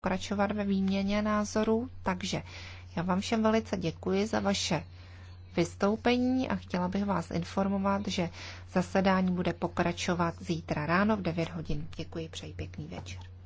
pokračovat ve výměně názorů. Takže já vám všem velice děkuji za vaše vystoupení a chtěla bych vás informovat, že zasedání bude pokračovat zítra ráno v 9 hodin. Děkuji, přeji pěkný večer.